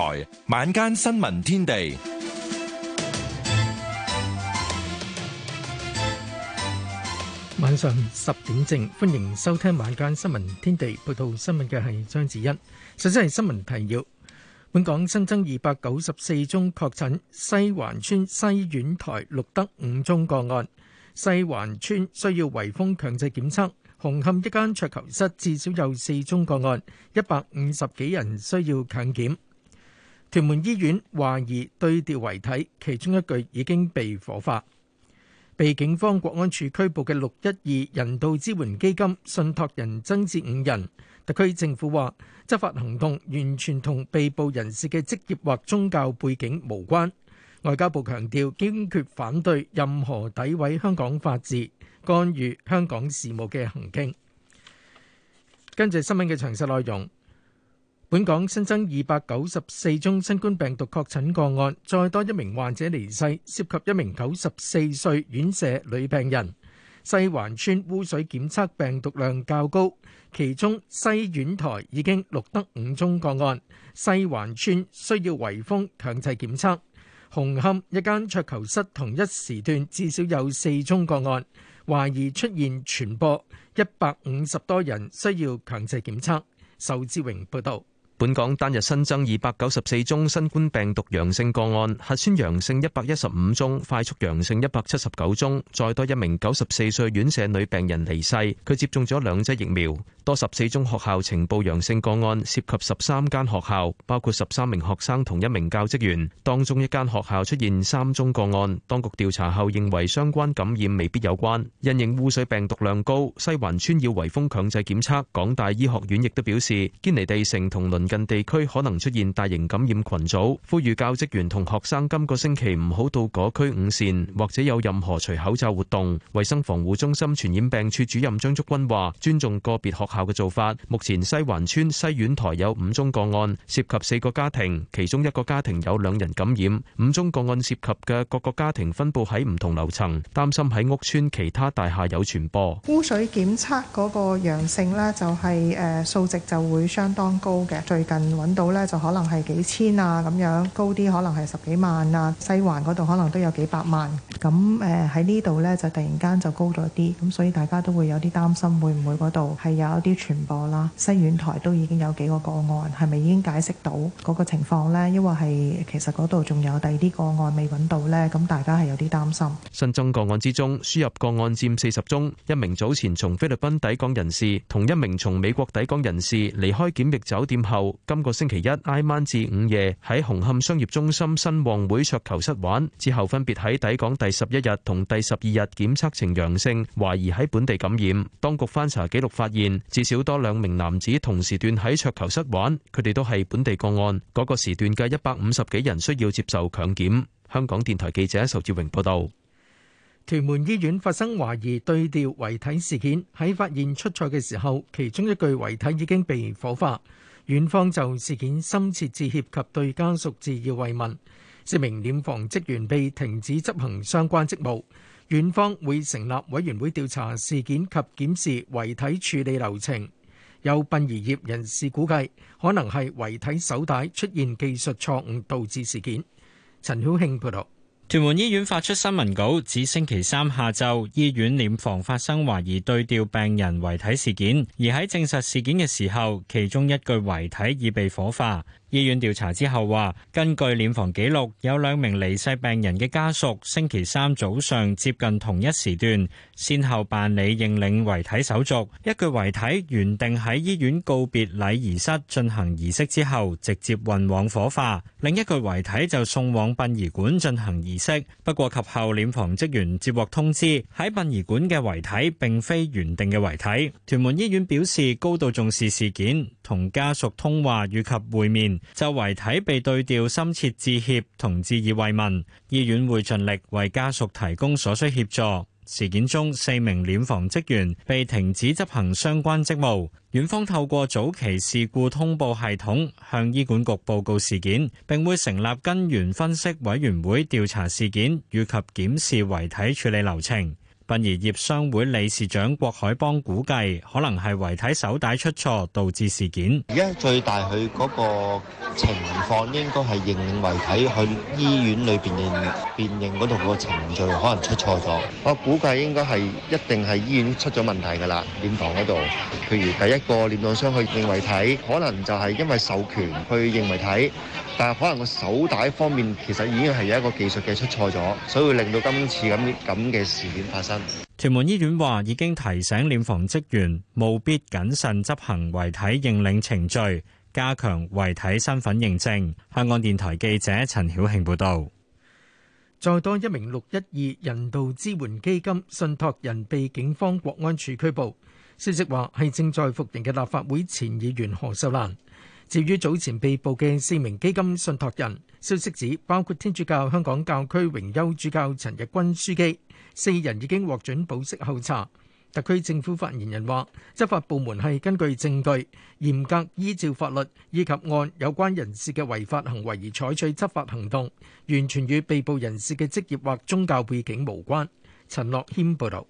晚，晚間新聞天地，晚上十點正，歡迎收聽晚間新聞天地。報道新聞嘅係張子欣，首先係新聞提要。本港新增二百九十四宗確診，西環村、西苑台錄得五宗個案。西環村需要圍封強制檢測，紅磡一間桌球室至少有四宗個案，一百五十幾人需要強檢。屯門醫院懷疑對調遺體，其中一具已經被火化。被警方國安處拘捕嘅六一二人道支援基金信託人增至五人。特區政府話，執法行動完全同被捕人士嘅職業或宗教背景無關。外交部強調，堅決反對任何詆毀香港法治、干預香港事務嘅行徑。跟住新聞嘅詳細內容。本港新增二百九十四宗新冠病毒確診個案，再多一名患者離世，涉及一名九十四歲院舍女病人。西環村污水檢測病毒量較高，其中西苑台已經錄得五宗個案，西環村需要圍封強制檢測。紅磡一間桌球室同一時段至少有四宗個案，懷疑出現傳播，一百五十多人需要強制檢測。仇志榮報道。本港單日新增二百九十四宗新冠病毒陽性個案，核酸陽性一百一十五宗，快速陽性一百七十九宗。再多一名九十四歲院舍女病人離世，佢接種咗兩劑疫苗。多十四宗學校呈報陽性個案，涉及十三間學校，包括十三名學生同一名教職員。當中一間學校出現三宗個案，當局調查後認為相關感染未必有關。因應污水病毒量高，西環村要圍封強制檢測。港大醫學院亦都表示，堅尼地城同鄰近地區可能出現大型感染群組，呼籲教職員同學生今個星期唔好到嗰區五綫或者有任何除口罩活動，衛生防護中心傳染病處主任張竹君話尊重個別學校嘅做法。目前西環村西苑台有五宗個案，涉及四個家庭，其中一個家庭有兩人感染。五宗個案涉及嘅各個家庭分布喺唔同樓層，擔心喺屋邨其他大廈有傳播。污水檢測嗰個陽性咧，就係誒數值就會相當高嘅。最近揾到咧，就可能係幾千啊咁樣，高啲可能係十幾萬啊。西環嗰度可能都有幾百萬。咁誒喺呢度咧，就突然間就高咗啲。咁所以大家都會有啲擔心，會唔會嗰度係有一啲傳播啦？西苑台都已經有幾個個案，係咪已經解釋到嗰個情況咧？因為係其實嗰度仲有第二啲個案未揾到咧，咁大家係有啲擔心。新增個案之中，輸入個案佔四十宗，一名早前從菲律賓抵港人士，同一名從美國抵港人士離開檢疫酒店後。今個星期一，挨晚至午夜喺紅磡商業中心新旺會桌球室玩，之後分別喺抵港第十一日同第十二日檢測呈陽性，懷疑喺本地感染。當局翻查記錄發現，至少多兩名男子同時段喺桌球室玩，佢哋都係本地個案。嗰個時段嘅一百五十幾人需要接受強檢。香港電台記者仇志榮報道。屯門醫院發生懷疑對調遺體事件，喺發現出錯嘅時候，其中一具遺體已經被火化。院方就事件深切致歉及對家屬致以慰問，四名殮房職員被停止執行相關職務，院方會成立委員會調查事件及檢視遺體處理流程。有殯儀業人士估計，可能係遺體手帶出現技術錯誤導致事件。陳曉慶報道。屯門醫院發出新聞稿，指星期三下晝醫院殮房發生懷疑對調病人遺體事件，而喺證實事件嘅時候，其中一具遺體已被火化。醫院調查之後話，根據殮房記錄，有兩名離世病人嘅家屬星期三早上接近同一時段，先後辦理認領遺體手續。一具遺體原定喺醫院告別禮儀室進行儀式之後，直接運往火化；另一具遺體就送往殯儀館進行儀式。不過及後，殮房職員接獲通知，喺殯儀館嘅遺體並非原定嘅遺體。屯門醫院表示高度重視事件，同家屬通話與及會面。就遺體被對調，深切致歉同致以慰問。醫院會盡力為家屬提供所需協助。事件中四名殮房職員被停止執行相關職務。院方透過早期事故通報系統向醫管局報告事件，並會成立根源分析委員會調查事件與及檢視遺體處理流程。殯儀業商會理事長郭海邦估計，可能係遺體手帶出錯導致事件。而家最大佢嗰個情況，應該係認認遺體去醫院裏邊認辨認嗰度個程序可能出錯咗。我估計應該係一定係醫院出咗問題噶啦，殮房嗰度。譬如第一個殮葬商去認遺體，可能就係因為授權去認遺體。但係，可能個手帶方面其實已經係有一個技術嘅出錯咗，所以會令到今次咁啲咁嘅事件發生。屯門醫院話已經提醒殮房職員務必謹慎執行遺體認領程序，加強遺體身份認證。香港電台記者陳曉慶報道：「再多一名六一二人道支援基金信託人被警方國安處拘捕，消息話係正在服刑嘅立法會前議員何秀蘭。至於早前被捕嘅四名基金信託人，消息指包括天主教香港教區榮休主教陳日君樞機，四人已經獲准保釋候查。特區政府發言人話：執法部門係根據證據，嚴格依照法律以及按有關人士嘅違法行為而採取執法行動，完全與被捕人士嘅職業或宗教背景無關。陳樂謙報導。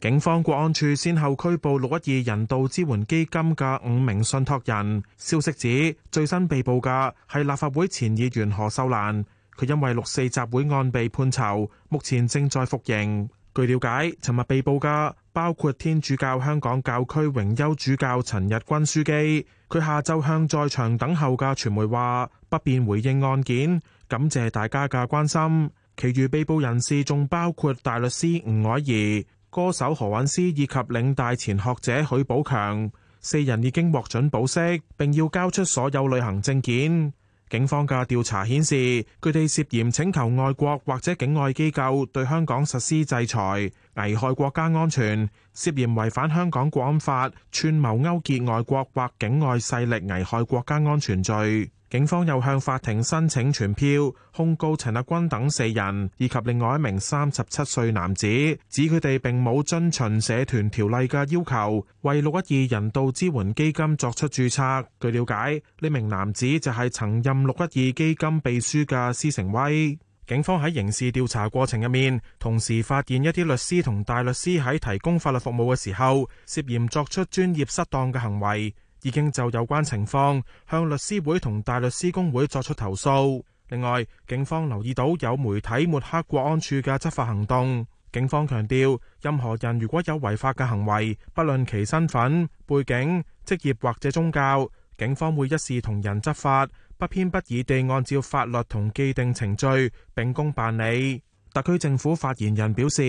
警方國安處先後拘捕六一二人道支援基金嘅五名信託人。消息指，最新被捕嘅係立法會前議員何秀蘭，佢因為六四集會案被判囚，目前正在服刑。據了解，尋日被捕嘅包括天主教香港教區榮休主教陳日君樞機，佢下晝向在場等候嘅傳媒話不便回應案件，感謝大家嘅關心。其餘被捕人士仲包括大律師吳靄儀。歌手何韻詩以及嶺大前學者許寶強四人已經獲准保釋，並要交出所有旅行證件。警方嘅調查顯示，佢哋涉嫌請求外國或者境外機構對香港實施制裁，危害國家安全，涉嫌違反香港國安法，串謀勾結外國或境外勢力危害國家安全罪。警方又向法庭申請傳票，控告陳立軍等四人以及另外一名三十七歲男子，指佢哋並冇遵循社團條例嘅要求，為六一二人道支援基金作出註冊，據了解，呢名男子就係曾任六一二基金秘書嘅施成威。警方喺刑事調查過程入面，同時發現一啲律師同大律師喺提供法律服務嘅時候，涉嫌作出專業失當嘅行為。已經就有關情況向律師會同大律師公會作出投訴。另外，警方留意到有媒體抹黑國安處嘅執法行動。警方強調，任何人如果有違法嘅行為，不論其身份、背景、職業或者宗教，警方會一視同仁執法，不偏不倚地按照法律同既定程序秉公辦理。特區政府發言人表示，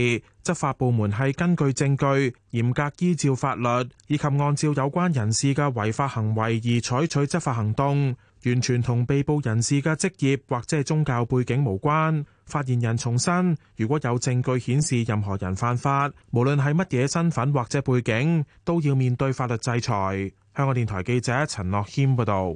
執法部門係根據證據，嚴格依照法律以及按照有關人士嘅違法行為而採取執法行動，完全同被捕人士嘅職業或者宗教背景無關。發言人重申，如果有證據顯示任何人犯法，無論係乜嘢身份或者背景，都要面對法律制裁。香港電台記者陳樂謙報道。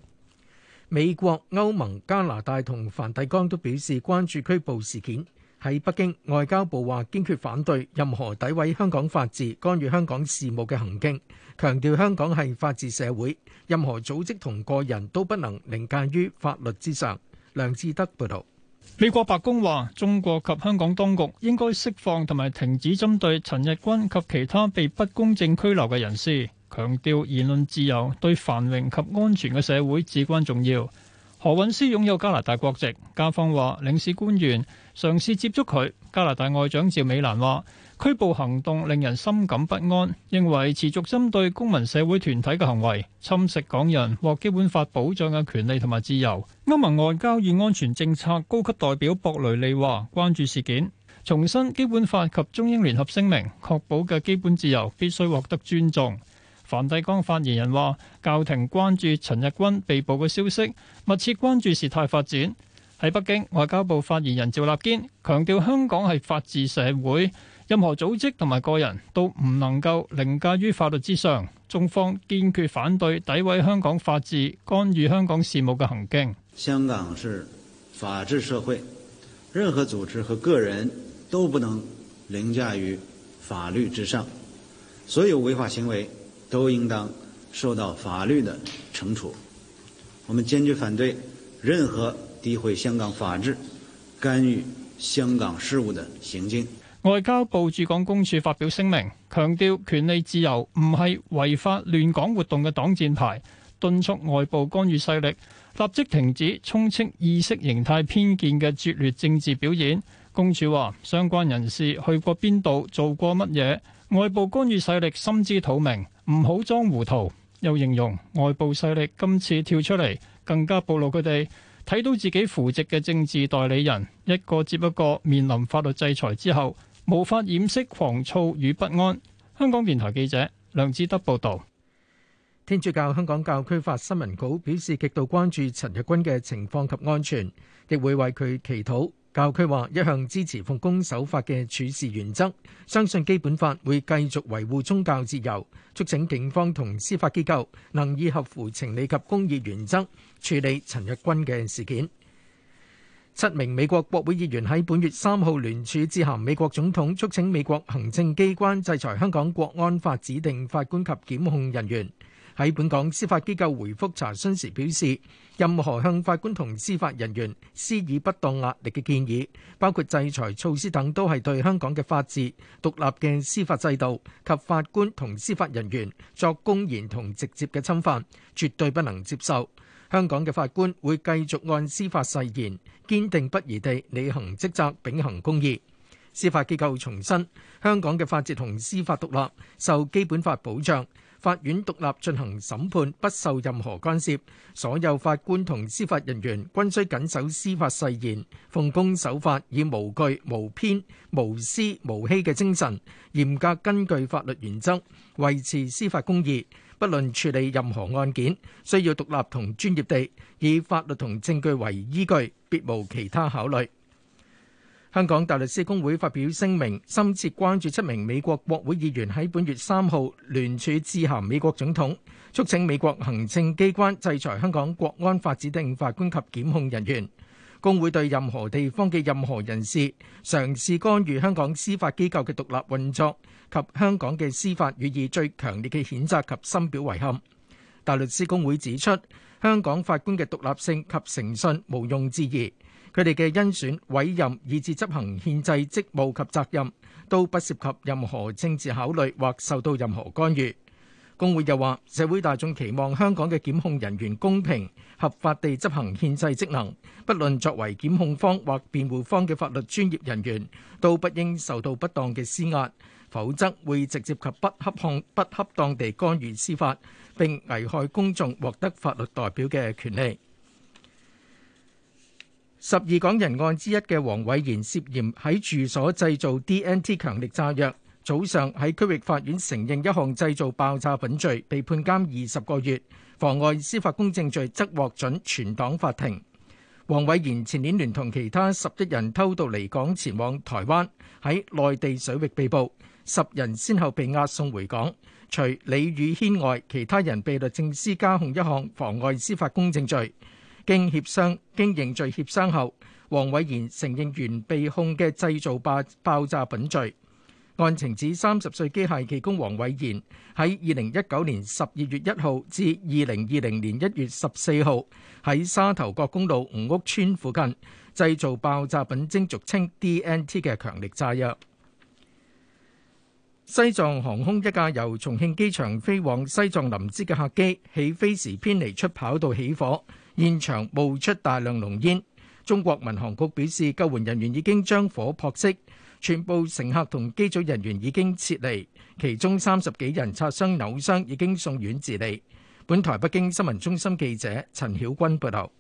美國、歐盟、加拿大同梵蒂岡都表示關注拘捕事件。喺北京，外交部話堅決反對任何詆毀香港法治、干預香港事務嘅行徑，強調香港係法治社會，任何組織同個人都不能凌駕於法律之上。梁志德報道。美國白宮話，中國及香港當局應該釋放同埋停止針對陳日君及其他被不公正拘留嘅人士，強調言論自由對繁榮及安全嘅社會至關重要。何韻詩擁有加拿大國籍，加方話領事官員嘗試接觸佢。加拿大外長趙美蘭話：拘捕行動令人深感不安，認為持續針對公民社會團體嘅行為，侵蝕港人獲基本法保障嘅權利同埋自由。歐盟外交與安全政策高級代表博雷利話：關注事件，重申基本法及中英聯合聲明確保嘅基本自由必須獲得尊重。梵蒂岡發言人話：教廷關注陳日君被捕嘅消息，密切關注事態發展。喺北京，外交部發言人趙立堅強調：香港係法治社會，任何組織同埋個人都唔能夠凌駕於法律之上。中方堅決反對詆毀香港法治、干預香港事務嘅行徑。香港是法治社會，任何組織和個人都不能凌駕於法律之上，所有違法行為，都應當受到法律的懲處。我們堅決反對任何詆毀香港法治、干預香港事務的行徑。外交部駐港公署發表聲明，強調權利自由唔係違法亂港活動嘅擋箭牌，敦促外部干預勢力立即停止充斥意識形態偏見嘅拙劣政治表演。公署話，相關人士去過邊度，做過乜嘢？外部干預勢力心知肚明。唔好裝糊塗，又形容外部勢力今次跳出嚟，更加暴露佢哋睇到自己扶植嘅政治代理人一個接一個面臨法律制裁之後，無法掩飾狂躁與不安。香港電台記者梁志德報道，天主教香港教區發新聞稿表示，極度關注陳日君嘅情況及安全，亦會為佢祈禱。教區話一向支持奉公守法嘅處事原則，相信基本法會繼續維護宗教自由，促請警方同司法機構能以合乎情理及公義原則處理陳日君嘅事件。七名美國國會議員喺本月三號聯署致函美國總統，促請美國行政機關制裁香港國安法指定法官及檢控人員。喺本港司法機構回覆查詢時表示，任何向法官同司法人員施以不當壓力嘅建議，包括制裁措施等，都係對香港嘅法治、獨立嘅司法制度及法官同司法人員作公然同直接嘅侵犯，絕對不能接受。香港嘅法官會繼續按司法誓言，堅定不移地履行職責，秉行公義。司法機構重申，香港嘅法治同司法獨立受基本法保障。法院獨立進行審判，不受任何干涉。所有法官同司法人員均須謹守司法誓言，奉公守法，以無懼、無偏、無私、無欺嘅精神，嚴格根據法律原則，維持司法公義。不論處理任何案件，需要獨立同專業地以法律同證據為依據，別無其他考慮。香港大律師公會發表聲明，深切關注七名美國國會議員喺本月三號聯署致函美國總統，促請美國行政機關制裁香港《國安法》指定法官及檢控人員。公會對任何地方嘅任何人士嘗試干預香港司法機構嘅獨立運作及香港嘅司法，予以最強烈嘅譴責及深表遺憾。大律師公會指出，香港法官嘅獨立性及誠信毋庸置疑。佢哋嘅甄選委任以至執行憲制職務及責任，都不涉及任何政治考慮或受到任何干預。工會又話：社會大眾期望香港嘅檢控人員公平合法地執行憲制職能，不論作為檢控方或辯護方嘅法律專業人員，都不應受到不當嘅施壓，否則會直接及不恰當、不恰當地干預司法，並危害公眾獲得法律代表嘅權利。十二港人案之一嘅黃偉賢涉嫌喺住所製造 D.N.T 強力炸藥，早上喺區域法院承認一項製造爆炸品罪，被判監二十個月；妨礙司法公正罪則獲准存檔法庭。黃偉賢前年聯同其他十一人偷渡離港前往台灣，喺內地水域被捕，十人先後被押送回港，除李宇軒外，其他人被律政司加控一項妨礙司法公正罪。經協商、經認罪協商後，黃偉賢承認原被控嘅製造爆爆炸品罪。案情指歲機，三十歲機械技工黃偉賢喺二零一九年十二月一號至二零二零年一月十四號喺沙頭角公路吳屋村附近製造爆炸品，蒸俗稱 D.N.T 嘅強力炸藥。西藏航空一架由重慶機場飛往西藏林芝嘅客機起飛時偏離出跑道起火。現場冒出大量濃煙。中國民航局表示，救援人員已經將火撲熄，全部乘客同機組人員已經撤離，其中三十幾人擦傷扭傷，已經送院治理。本台北京新聞中心記者陳曉君報道。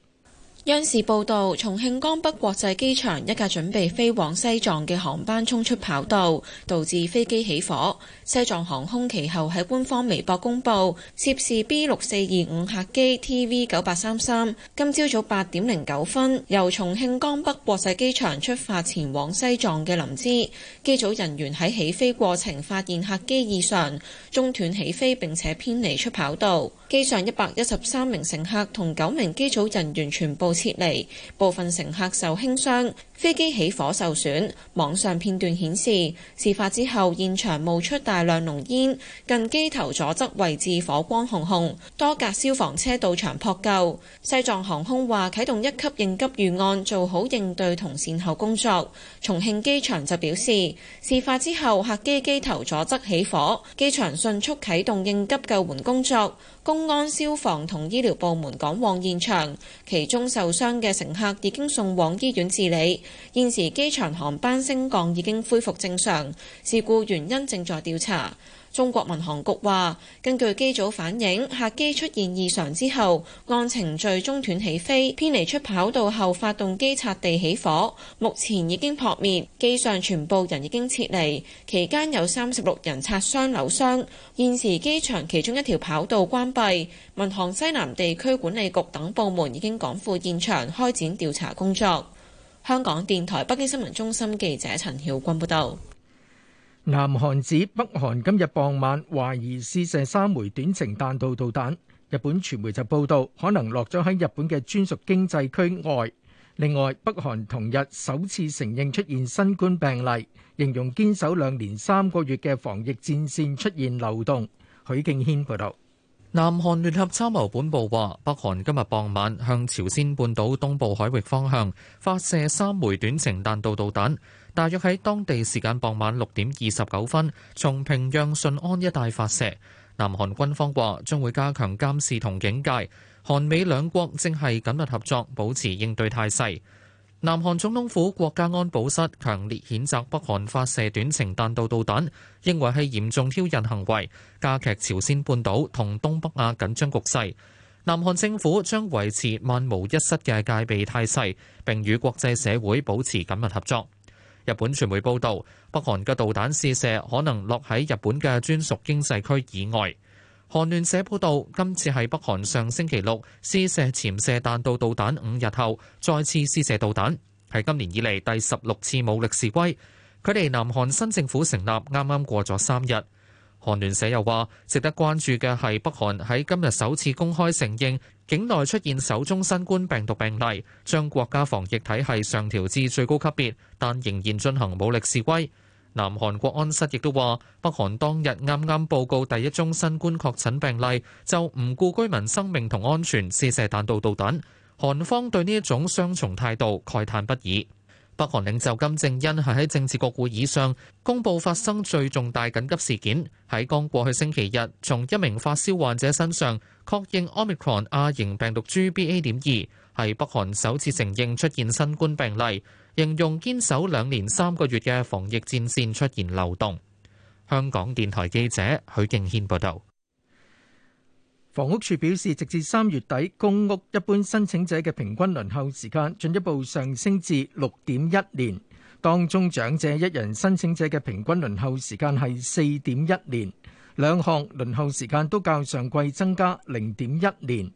央視報道，重慶江北國際機場一架準備飛往西藏嘅航班衝出跑道，導致飛機起火。西藏航空其後喺官方微博公佈，涉事 B 六四二五客機 TV 九八三三，今朝早八點零九分由重慶江北國際機場出發前往西藏嘅林芝，機組人員喺起飛過程發現客機異常，中斷起飛並且偏離出跑道，機上一百一十三名乘客同九名機組人員全部撤離，部分乘客受輕傷。飛機起火受損，網上片段顯示事發之後現場冒出大量濃煙，近機頭左側位置火光熊熊，多架消防車到場撲救。西藏航空話啟動一級應急預案，做好應對同善後工作。重慶機場就表示，事發之後客機機頭左側起火，機場迅速啟動應急救援工作，公安、消防同醫療部門趕往現場，其中受傷嘅乘客已經送往醫院治理。現時機場航班升降已經恢復正常，事故原因正在調查。中國民航局話，根據機組反映，客機出現異常之後，按程序中斷起飛，偏離出跑道後，發動機擦地起火，目前已經撲滅，機上全部人已經撤離。期間有三十六人擦傷扭傷。現時機場其中一條跑道關閉，民航西南地區管理局等部門已經趕赴現場開展調查工作。香港電台北京新聞中心記者陳曉君報道。南韓指北韓今日傍晚懷疑試射三枚短程彈道導彈。日本傳媒就報道，可能落咗喺日本嘅專屬經濟區外。另外，北韓同日首次承認出現新冠病例，形容堅守兩年三個月嘅防疫戰線出現漏洞。許敬軒報道。南韓聯合參謀本部話，北韓今日傍晚向朝鮮半島東部海域方向發射三枚短程彈道導彈，大約喺當地時間傍晚六點二十九分，從平壤順安一帶發射。南韓軍方話將會加強監視同警戒，韓美兩國正係緊密合作，保持應對態勢。南韓總統府國家安保室強烈譴責北韓發射短程彈道導彈，認為係嚴重挑釁行為，加劇朝鮮半島同東北亞緊張局勢。南韓政府將維持萬無一失嘅戒備態勢，並與國際社會保持緊密合作。日本傳媒報導，北韓嘅導彈試射可能落喺日本嘅專屬經濟區以外。韓聯社報道，今次係北韓上星期六試射潛射彈道導彈五日後再次試射導彈，係今年以嚟第十六次武力示威，距離南韓新政府成立啱啱過咗三日。韓聯社又話，值得關注嘅係北韓喺今日首次公開承認境，境內出現首宗新冠病毒病例，將國家防疫體系上調至最高級別，但仍然進行武力示威。南韓國安室亦都話：北韓當日啱啱報告第一宗新冠確診病例，就唔顧居民生命同安全試射彈道導彈。韓方對呢一種雙重態度慨嘆不已。北韓領袖金正恩係喺政治局會議上公佈發生最重大緊急事件，喺剛過去星期日，從一名發燒患者身上確認 Omicron 亞型病毒株 B A. 點二。係北韓首次承認出現新冠病例，形容堅守兩年三個月嘅防疫戰線出現漏洞。香港電台記者許敬軒報道，房屋處表示，直至三月底，公屋一般申請者嘅平均輪候時間進一步上升至六點一年，當中長者一人申請者嘅平均輪候時間係四點一年，兩項輪候時間都較上季增加零點一年，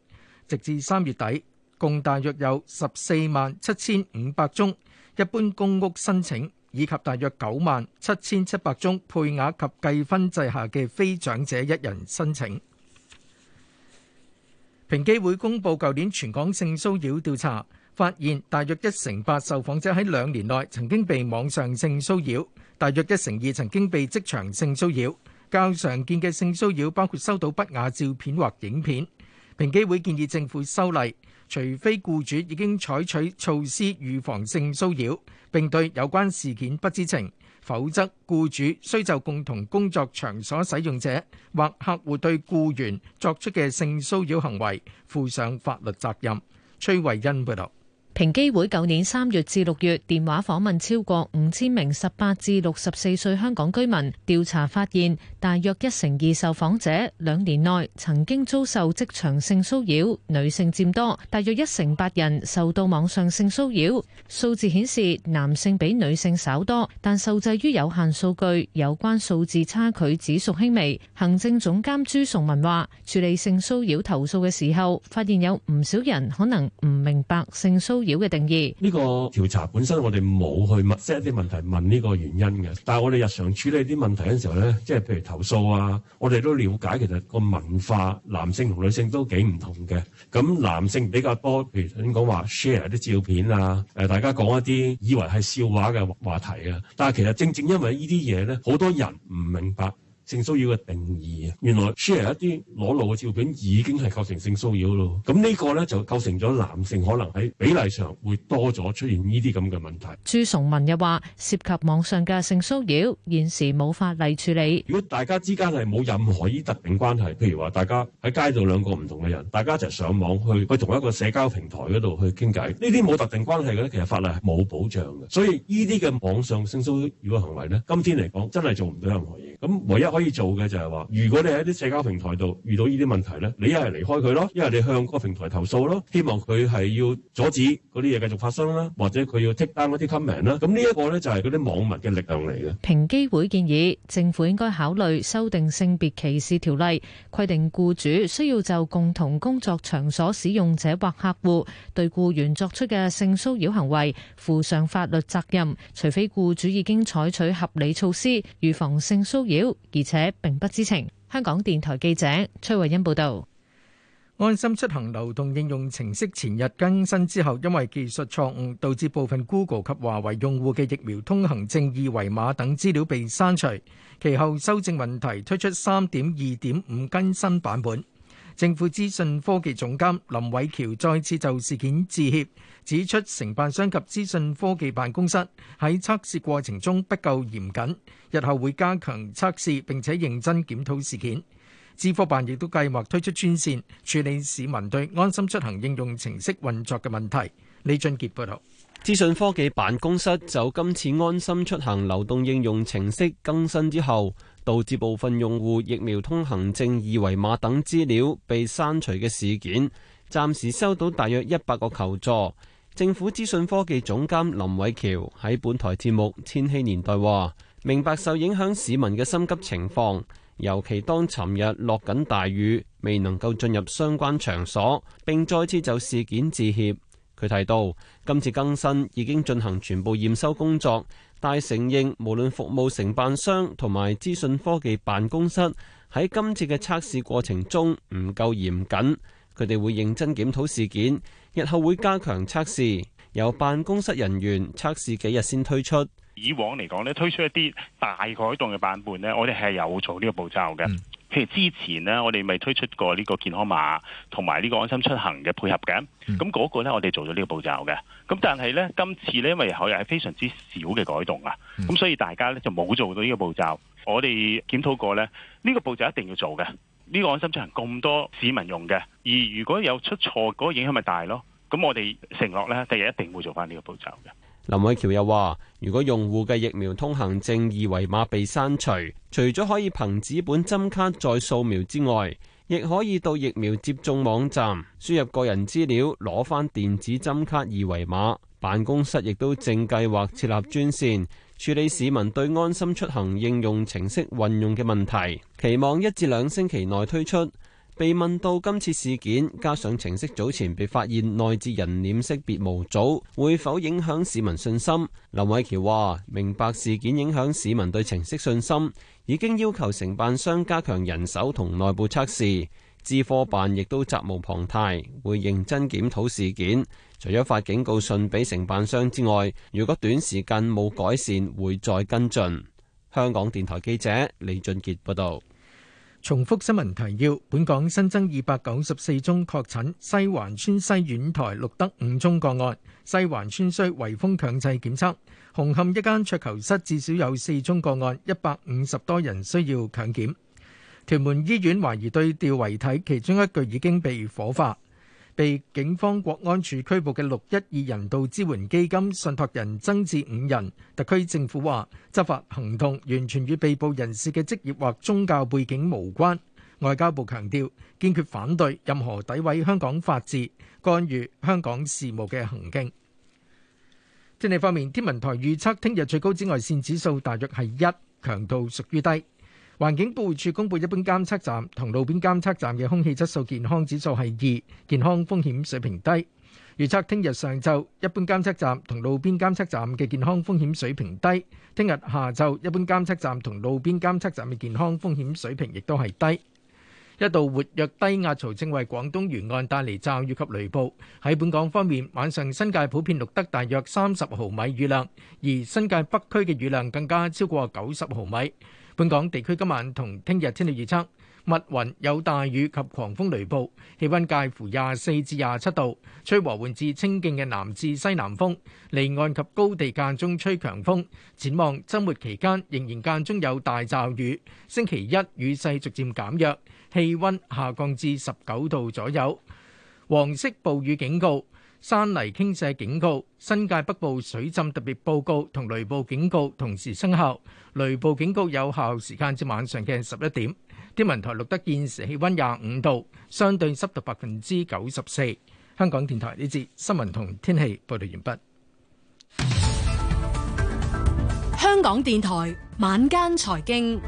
直至三月底。共大約有十四萬七千五百宗一般公屋申請，以及大約九萬七千七百宗配額及計分制下嘅非長者一人申請。平機會公布舊年全港性騷擾調查，發現大約一成八受訪者喺兩年內曾經被網上性騷擾，大約一成二曾經被職場性騷擾。較常見嘅性騷擾包括收到不雅照片或影片。平機會建議政府修例。除非僱主已經採取措施預防性騷擾，並對有關事件不知情，否則僱主須就共同工作場所使用者或客戶對僱員作出嘅性騷擾行為負上法律責任。崔慧欣報道。平機會舊年三月至六月電話訪問超過五千名十八至六十四歲香港居民，調查發現大約一成二受訪者兩年內曾經遭受職場性騷擾，女性佔多，大約一成八人受到網上性騷擾。數字顯示男性比女性稍多，但受制於有限數據，有關數字差距只屬輕微。行政總監朱崇文話：處理性騷擾投訴嘅時候，發現有唔少人可能唔明白性騷擾。騷擾嘅定義，呢個調查本身我哋冇去問 set 一啲問題問呢個原因嘅，但係我哋日常處理啲問題嘅時候咧，即係譬如投訴啊，我哋都了解其實個文化男性同女性都幾唔同嘅。咁男性比較多，譬如點講話 share 啲照片啊，係、呃、大家講一啲以為係笑話嘅話題啊，但係其實正正因為呢啲嘢咧，好多人唔明白。性騷擾嘅定義啊，原來 share 一啲裸露嘅照片已經係構成性騷擾咯。咁呢個咧就構成咗男性可能喺比例上會多咗出現呢啲咁嘅問題。朱崇文又話：涉及網上嘅性騷擾，現時冇法例處理。如果大家之間係冇任何依特定關係，譬如話大家喺街度兩個唔同嘅人，大家就齊上網去去同一個社交平台嗰度去傾偈，呢啲冇特定關係嘅咧，其實法例係冇保障嘅。所以呢啲嘅網上性騷擾嘅行為咧，今天嚟講真係做唔到任何嘢。咁唯一可以做嘅就係話，如果你喺啲社交平台度遇到呢啲問題咧，你一係離開佢咯，一係你向嗰個平台投訴咯，希望佢係要阻止嗰啲嘢繼續發生啦，或者佢要剔單嗰啲 comment 啦。咁呢一個咧就係嗰啲網民嘅力量嚟嘅。平機會建議政府應該考慮修訂性別歧視條例，規定僱主需要就共同工作場所使用者或客戶對僱員作出嘅性騷擾行為負上法律責任，除非僱主已經採取合理措施預防性騷擾，而且並不知情。香港電台記者崔慧欣報道，安心出行流動應用程式前日更新之後，因為技術錯誤導致部分 Google 及華為用戶嘅疫苗通行證二維碼等資料被刪除。其後修正問題，推出三點二點五更新版本。政府資訊科技總監林偉喬再次就事件致歉。指出，承辦商及資訊科技辦公室喺測試過程中不夠嚴謹，日後會加強測試並且認真檢討事件。資科辦亦都計劃推出專線處理市民對安心出行應用程式運作嘅問題。李俊傑報道，資訊科技辦公室就今次安心出行流動應用程式更新之後，導致部分用戶疫苗通行證二維碼等資料被刪除嘅事件，暫時收到大約一百個求助。政府資訊科技總監林偉喬喺本台節目《千禧年代》話：明白受影響市民嘅心急情況，尤其當尋日落緊大雨，未能夠進入相關場所。並再次就事件致歉。佢提到今次更新已經進行全部驗收工作，但承認無論服務承辦商同埋資訊科技辦公室喺今次嘅測試過程中唔夠嚴謹，佢哋會認真檢討事件。日後會加強測試，由辦公室人員測試幾日先推出。以往嚟講咧，推出一啲大改動嘅版本咧，我哋係有做呢個步驟嘅。譬如、嗯、之前咧，我哋咪推出過呢個健康碼同埋呢個安心出行嘅配合嘅。咁嗰、嗯、個咧，我哋做咗呢個步驟嘅。咁但係咧，今次咧，因為又係非常之少嘅改動啊，咁、嗯、所以大家咧就冇做到呢個步驟。我哋檢討過咧，呢、呢個步驟一定要做嘅。呢、呢個安心出行咁多市民用嘅，而如果有出錯，嗰、嗰個影響咪大咯。咁我哋承諾呢，第日一定會做翻呢個步驟。林偉喬又話：如果用戶嘅疫苗通行證二維碼被刪除，除咗可以憑紙本針卡再掃描之外，亦可以到疫苗接種網站輸入個人資料攞翻電子針卡二維碼。辦公室亦都正計劃設立專線處理市民對安心出行應用程式運用嘅問題，期望一至兩星期內推出。被問到今次事件，加上程式早前被發現內置人臉識別模組，會否影響市民信心？林偉傑話：明白事件影響市民對程式信心，已經要求承辦商加強人手同內部測試。資科辦亦都責無旁貸，會認真檢討事件。除咗發警告信俾承辦商之外，如果短時間冇改善，會再跟進。香港電台記者李俊傑報道。重複新聞提要：本港新增二百九十四宗確診，西環村西苑台錄得五宗個案，西環村需圍封強制檢測。紅磡一間桌球室至少有四宗個案，一百五十多人需要強檢。屯門醫院懷疑對調遺體，其中一具已經被火化。被警方國安處拘捕嘅六一二人道支援基金信託人增至五人。特區政府話，執法行動完全與被捕人士嘅職業或宗教背景無關。外交部強調，堅決反對任何詆毀香港法治、干預香港事務嘅行徑。天氣方面，天文台預測聽日最高紫外線指數大約係一，強度屬於低。環境保護署公佈一般監測站同路邊監測站嘅空氣質素健康指數係二，健康風險水平低。預測聽日上晝一般監測站同路邊監測站嘅健康風險水平低。聽日下晝一般監測站同路邊監測站嘅健康風險水平亦都係低。一度活躍低壓槽正為廣東沿岸帶嚟驟雨及雷暴。喺本港方面，晚上新界普遍錄得大約三十毫米雨量，而新界北區嘅雨量更加超過九十毫米。本港地區今晚同聽日天氣預測：密雲有大雨及狂風雷暴，氣溫介乎廿四至廿七度，吹和緩至清勁嘅南至西南風，離岸及高地間中吹強風。展望周末期間仍然間中有大驟雨，星期一雨勢逐漸減弱，氣溫下降至十九度左右。黃色暴雨警告。山泥傾瀉警告、新界北部水浸特別報告同雷暴警告同時生效，雷暴警告有效時間至晚上嘅十一點。天文台錄得現時氣溫廿五度，相對濕度百分之九十四。香港電台呢節新聞同天氣報道完畢。香港電台晚間財經。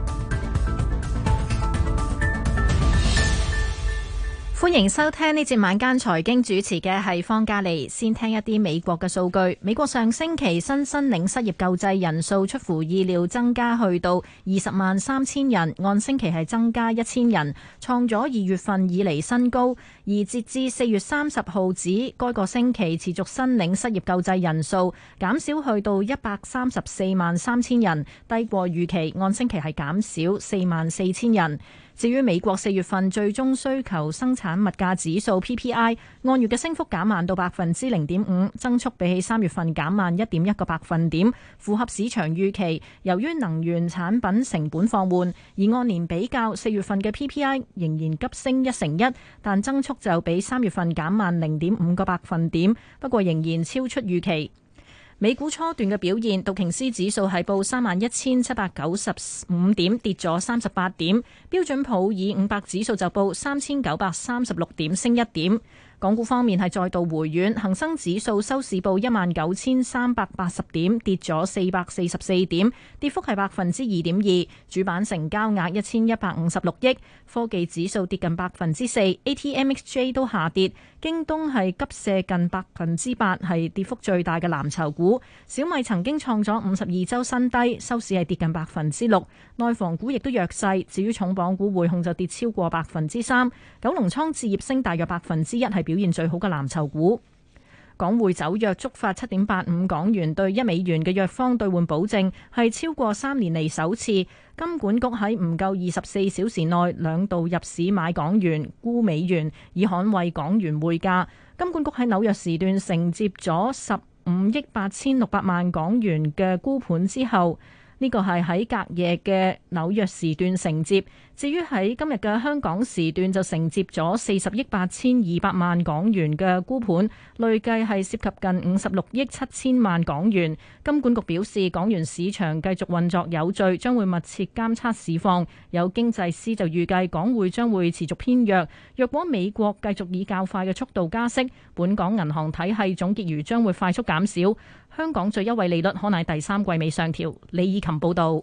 歡迎收聽呢節晚間財經，主持嘅係方嘉利。先聽一啲美國嘅數據。美國上星期新申領失業救濟人數出乎意料增加，去到二十萬三千人，按星期係增加一千人，創咗二月份以嚟新高。而截至四月三十號止，該個星期持續申領失業救濟人數減少去到一百三十四萬三千人，低過預期，按星期係減少四萬四千人。至於美國四月份最終需求生產物價指數 PPI 按月嘅升幅減慢到百分之零點五，增速比起三月份減慢一點一個百分點，符合市場預期。由於能源產品成本放緩，而按年比較，四月份嘅 PPI 仍然急升一成一，但增速就比三月份減慢零點五個百分點，不過仍然超出預期。美股初段嘅表現，道瓊斯指數係報三萬一千七百九十五點，跌咗三十八點，標準普爾五百指數就報三千九百三十六點，升一點。港股方面係再度回軟，恒生指數收市報一萬九千三百八十點，跌咗四百四十四點，跌幅係百分之二點二。主板成交額一千一百五十六億，科技指數跌近百分之四，ATMXJ 都下跌。京東係急瀉近百分之八，係跌幅最大嘅藍籌股。小米曾經創咗五十二周新低，收市係跌近百分之六。內房股亦都弱勢，至於重磅股匯控就跌超過百分之三。九龍倉置業升大約百分之一，係表現最好嘅藍籌股。港匯走弱觸發七點八五港元兌一美元嘅弱方兌換保證，係超過三年嚟首次。金管局喺唔夠二十四小時內兩度入市買港元沽美元，以捍衛港元匯價。金管局喺紐約時段承接咗十五億八千六百萬港元嘅沽盤之後。呢個係喺隔夜嘅紐約時段承接，至於喺今日嘅香港時段就承接咗四十億八千二百萬港元嘅沽盤，累計係涉及近五十六億七千萬港元。金管局表示，港元市場繼續運作有序，將會密切監測市況。有經濟師就預計港匯將會持續偏弱。若果美國繼續以較快嘅速度加息，本港銀行體系總結餘將會快速減少。香港最優惠利率可能第三季尾上調。李以琴報導。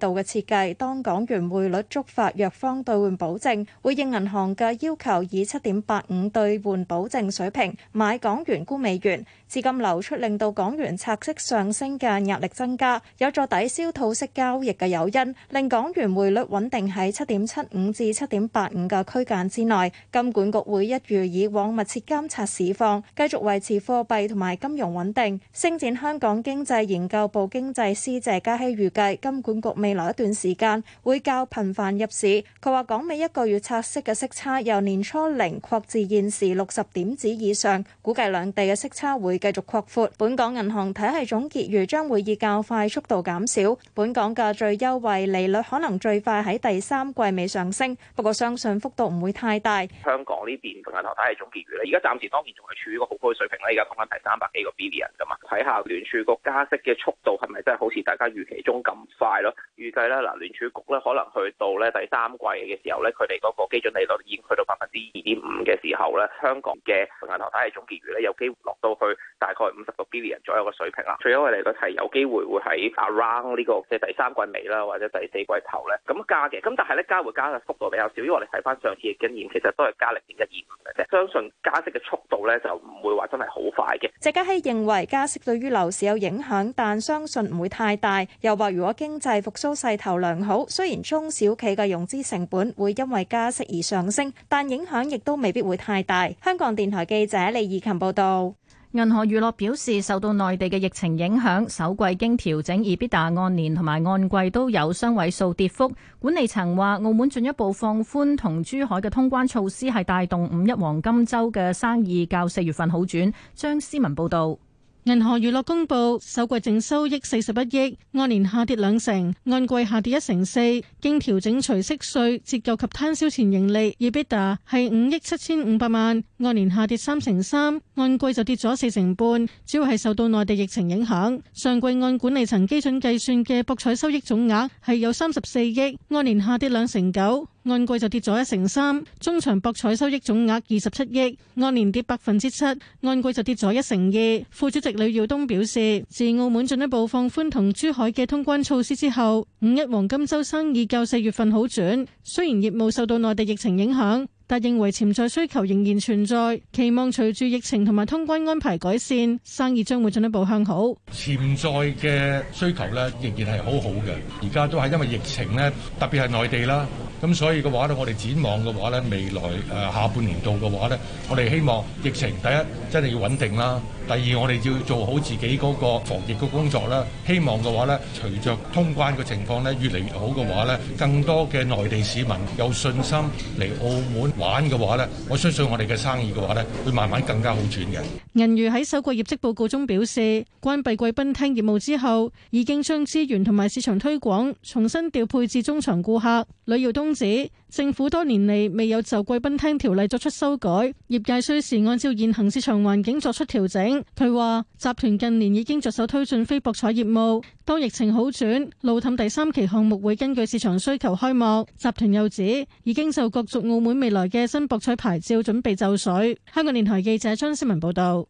度嘅設計，當港元匯率觸發弱方兌換保證，會應銀行嘅要求，以七點八五兌換保證水平買港元沽美元。資金流出令到港元拆息上升嘅壓力增加，有助抵消套息交易嘅誘因，令港元匯率穩定喺七點七五至七點八五嘅區間之內。金管局會一如以往密切監察市況，繼續維持貨幣同埋金融穩定。星展香港經濟研究部經濟師謝嘉熙預計金管局未來一段時間會較頻繁入市。佢話港美一個月拆息嘅息差由年初零擴至現時六十點子以上，估計兩地嘅息差會繼續擴闊，本港銀行體系總結餘將會以較快速度減少。本港嘅最優惠利率可能最快喺第三季尾上升，不過相信幅度唔會太大。香港呢邊同銀行體系總結餘咧，而家暫時當然仲係處於一個好高嘅水平啦。而家通膨係三百幾個 billion 㗎嘛，睇下聯儲局加息嘅速度係咪真係好似大家預期中咁快咯？預計咧嗱，聯儲局咧可能去到咧第三季嘅時候咧，佢哋嗰個基準利率已經去到百分之二點五嘅時候咧，香港嘅銀行體系總結餘咧有機會落到去。大概五十個 billion 左右嘅水平啦。除咗為嚟講係有機會會喺 around 呢個即係第三季尾啦，或者第四季頭咧咁加嘅。咁但係咧加會加嘅幅度比較少，因為我哋睇翻上次嘅經驗，其實都係加零點一二五嘅啫。相信加息嘅速度咧就唔會話真係好快嘅。謝家希認為加息對於樓市有影響，但相信唔會太大。又話如果經濟復甦勢頭良好，雖然中小企嘅融資成本會因為加息而上升，但影響亦都未必會太大。香港電台記者李義琴報道。銀河娛樂表示，受到內地嘅疫情影響，首季經調整 EBITDA 按年同埋按季都有雙位數跌幅。管理層話，澳門進一步放寬同珠海嘅通關措施，係帶動五一黃金周嘅生意較四月份好轉。張思文報道。銀河娛樂公布首季淨收益四十一億，按年下跌兩成，按季下跌一成四。經調整除息稅折舊及攤銷前盈利 （EBITDA） 係五億七千五百萬，按年下跌三成三，按季就跌咗四成半，主要係受到內地疫情影響。上季按管理層基準計算嘅博彩收益總額係有三十四億，按年下跌兩成九。按季就跌咗一成三，中場博彩收益總額二十七億，按年跌百分之七，按季就跌咗一成二。副主席李耀東表示，自澳門進一步放寬同珠海嘅通關措施之後，五一黃金周生意較四月份好轉，雖然業務受到內地疫情影響。但認為潛在需求仍然存在，期望隨住疫情同埋通關安排改善，生意將會進一步向好。潛在嘅需求咧仍然係好好嘅，而家都係因為疫情咧，特別係內地啦，咁所以嘅話咧，我哋展望嘅話咧，未來誒下半年度嘅話咧，我哋希望疫情第一真係要穩定啦。第二，我哋要做好自己嗰個防疫嘅工作啦。希望嘅話，咧，隨着通關嘅情況咧，越嚟越好嘅話，咧，更多嘅內地市民有信心嚟澳門玩嘅話，咧，我相信我哋嘅生意嘅話，咧，會慢慢更加好轉嘅。銀娛喺首個業績報告中表示，關閉貴賓廳業務之後，已經將資源同埋市場推廣重新調配至中場顧客。呂耀東指，政府多年嚟未有就貴賓廳條例作出修改，業界需時按照現行市場環境作出調整。佢話集團近年已經着手推進非博彩業務，當疫情好轉，路氹第三期項目會根據市場需求開幕。集團又指已經就角逐澳門未來嘅新博彩牌照準備就緒，香港電台記者張思文報道。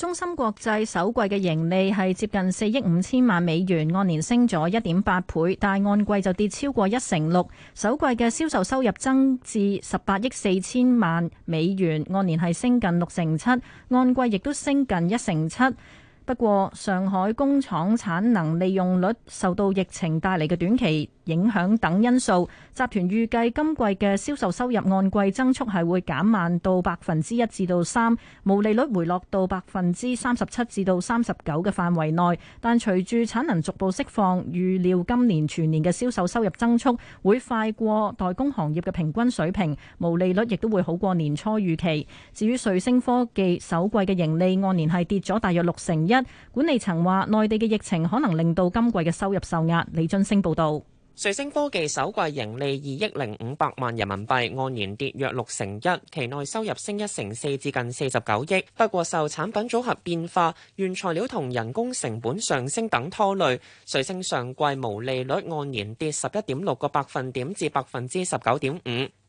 中芯國際首季嘅盈利係接近四億五千萬美元，按年升咗一點八倍，但係按季就跌超過一成六。首季嘅銷售收入增至十八億四千萬美元，按年係升近六成七，按季亦都升近一成七。不過，上海工廠產能利用率受到疫情帶嚟嘅短期影響等因素，集團預計今季嘅銷售收入按季增速係會減慢到百分之一至到三，毛利率回落到百分之三十七至到三十九嘅範圍內。但隨住產能逐步釋放，預料今年全年嘅銷售收入增速會快過代工行業嘅平均水平，毛利率亦都會好過年初預期。至於瑞聲科技首季嘅盈利按年係跌咗大約六成一。管理層話，內地嘅疫情可能令到今季嘅收入受壓。李津升報道。瑞星科技首季盈利二億零五百萬人民幣，按年跌約六成一。期內收入升一成四至近四十九億，不過受產品組合變化、原材料同人工成本上升等拖累，瑞星上季毛利率按年跌十一點六個百分點至百分之十九點五。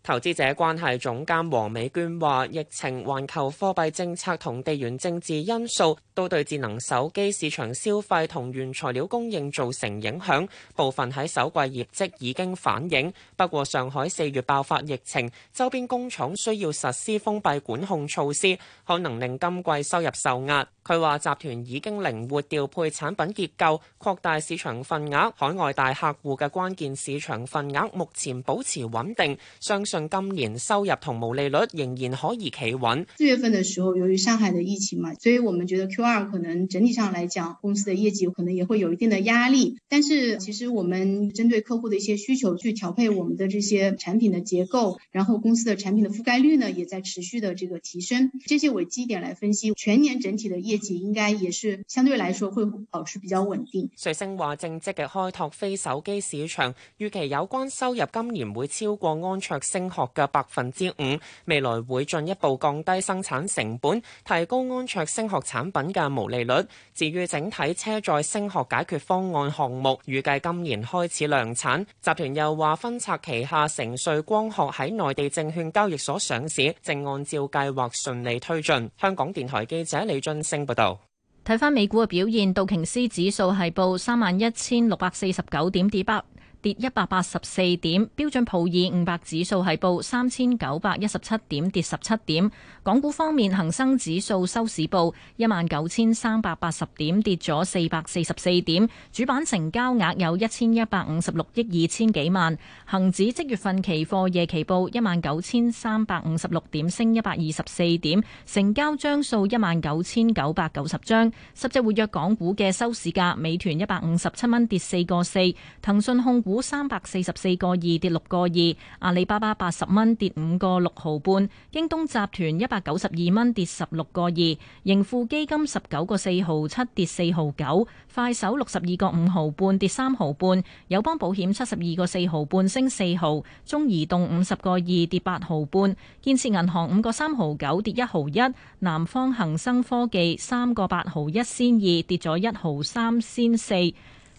投資者關係總監黃美娟話：疫情、環球貨幣政策同地緣政治因素都對智能手機市場消費同原材料供應造成影響，部分喺首季業績已經反映。不過，上海四月爆發疫情，周邊工廠需要實施封閉管控措施，可能令今季收入受壓。佢話集團已經靈活調配產品結構，擴大市場份額。海外大客戶嘅關鍵市場份額目前保持穩定。上信今年收入同毛利率仍然可以企穩。四月份的時候，由於上海的疫情嘛，所以我們覺得 Q 二可能整體上來講，公司的業績可能也會有一定的壓力。但是其實我們針對客戶的一些需求去調配我們的這些產品的結構，然後公司的產品的覆蓋率呢也在持續的這個提升。這些為基點來分析，全年整體的業績應該也是相對來說會保持比較穩定。瑞聲話正積極開拓非手機市場，預期有關收入今年會超過安卓聲。升學嘅百分之五，未來會進一步降低生產成本，提高安卓升學產品嘅毛利率。至於整體車載升學解決方案項目，預計今年開始量產。集團又話分拆旗下成瑞光學喺內地證券交易所上市，正按照計劃順利推進。香港電台記者李俊升報道。睇返美股嘅表現，道瓊斯指數係報三萬一千六百四十九點跌八。跌一百八十四點，標準普爾五百指數係報三千九百一十七點，跌十七點。港股方面，恒生指數收市報一萬九千三百八十點，跌咗四百四十四點。主板成交額有一千一百五十六億二千幾萬。恒指即月份期貨夜期報一萬九千三百五十六點，升一百二十四點，成交張數一萬九千九百九十張。十隻活躍港股嘅收市價，美團一百五十七蚊，跌四個四；騰訊控股。股三百四十四個二跌六個二，阿里巴巴八十蚊跌五個六毫半，京東集團一百九十二蚊跌十六個二，盈富基金十九個四毫七跌四毫九，快手六十二個五毫半跌三毫半，友邦保險七十二個四毫半升四毫，中移動五十個二跌八毫半，建設銀行五個三毫九跌一毫一，南方恒生科技三個八毫一先二跌咗一毫三先四。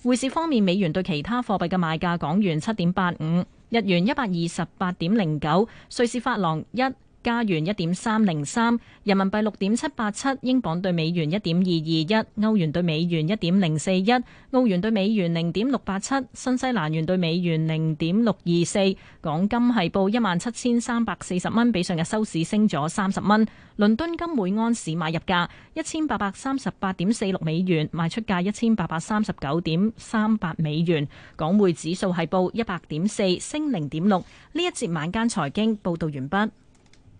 匯市方面，美元對其他貨幣嘅賣價：港元七點八五，日元一百二十八點零九，瑞士法郎一。加元一點三零三，3, 人民幣六點七八七，英鎊兌美元一點二二一，歐元兌美元一點零四一，澳元兌美元零點六八七，新西蘭元兌美元零點六二四。港金係報一萬七千三百四十蚊，比上日收市升咗三十蚊。倫敦金每安士買入價一千八百三十八點四六美元，賣出價一千八百三十九點三八美元。港匯指數係報一百點四，升零點六。呢一節晚間財經報道完畢。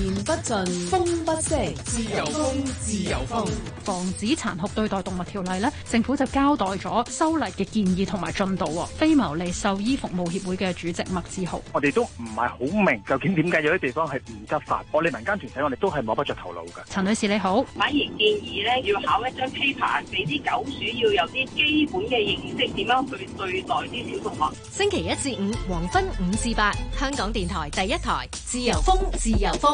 言不盡，風不息，自由風，自由風。防止殘酷對待動物條例咧，政府就交代咗修例嘅建議同埋進度。非牟利獸醫服務協會嘅主席麥志豪，我哋都唔係好明究竟點解有啲地方係唔執法。我哋民間團體，我哋都係摸不着頭腦嘅。陳女士你好，反而建議呢，要考一張 paper，俾啲狗鼠要有啲基本嘅認識，點樣去對待啲小動物。星期一至五黃昏五至八，香港電台第一台，自由風，自由風。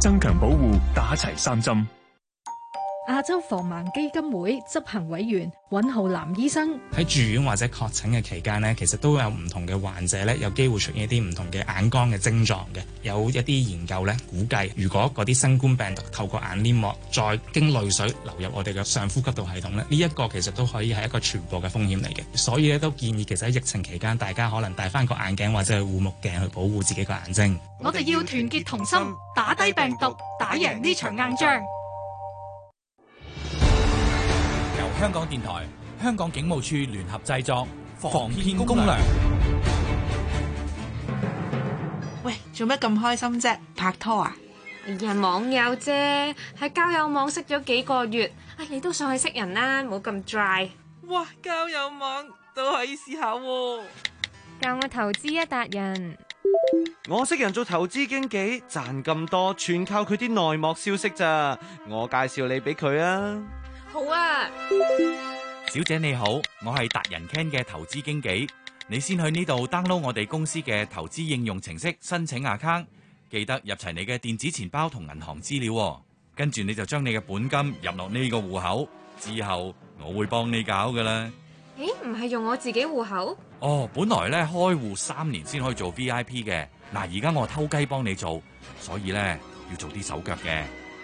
增強保護，打齊三針。亞洲防盲基金會執行委員尹浩南醫生喺住院或者確診嘅期間呢，其實都有唔同嘅患者咧，有機會出現一啲唔同嘅眼光嘅症狀嘅。有一啲研究咧，估計如果嗰啲新冠病毒透過眼黏膜，再經淚水流入我哋嘅上呼吸道系統咧，呢一個其實都可以係一個傳播嘅風險嚟嘅。所以咧，都建議其實喺疫情期間，大家可能戴翻個眼鏡或者係護目鏡去保護自己個眼睛。我哋要團結同心，打低病毒，打贏呢場硬仗。香港電台、香港警務處聯合製作《防騙攻略》。喂，做咩咁開心啫？拍拖啊？哎呀，網友啫，喺交友網識咗幾個月，哎，你都上去識人啦，啊，冇咁 dry。哇，交友網都可以試下，啊，教我投資一達人。我識人做投資經紀，賺咁多全靠佢啲內幕消息咋？我介紹你俾佢啊！好啊，小姐你好，我係達人 Ken 嘅投資經紀。你先去呢度 download 我哋公司嘅投資應用程式，申請 account，記得入齊你嘅電子錢包同銀行資料。跟住你就將你嘅本金入落呢個戶口，之後我會幫你搞㗎啦。咦，唔係用我自己戶口？哦，本來呢開戶三年先可以做 VIP 嘅，嗱，而家我偷雞幫你做，所以呢要做啲手腳嘅，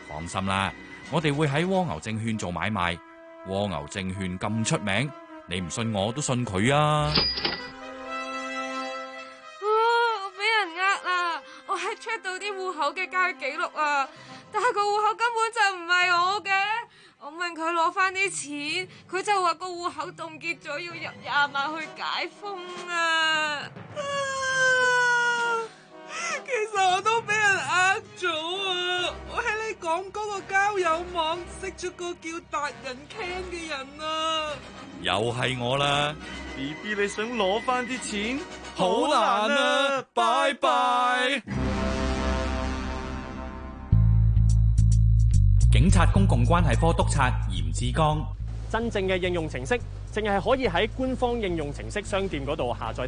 放心啦。我哋會喺蝸牛證券做買賣，蝸牛證券咁出名，你唔信我都信佢啊！啊！我俾人呃啦，我係 check 到啲戶口嘅交易記錄啊，但係個戶口根本就唔係我嘅，我問佢攞翻啲錢，佢就話個戶口凍結咗，要入廿萬去解封啊！呃其實我都俾人呃咗啊！我喺你講嗰個交友網識咗個叫達人 Ken 嘅人啊！又係我啦，BB，你想攞翻啲錢好難啊！拜拜！警察公共關係科督察嚴志剛，真正嘅應用程式淨係可以喺官方應用程式商店嗰度下載。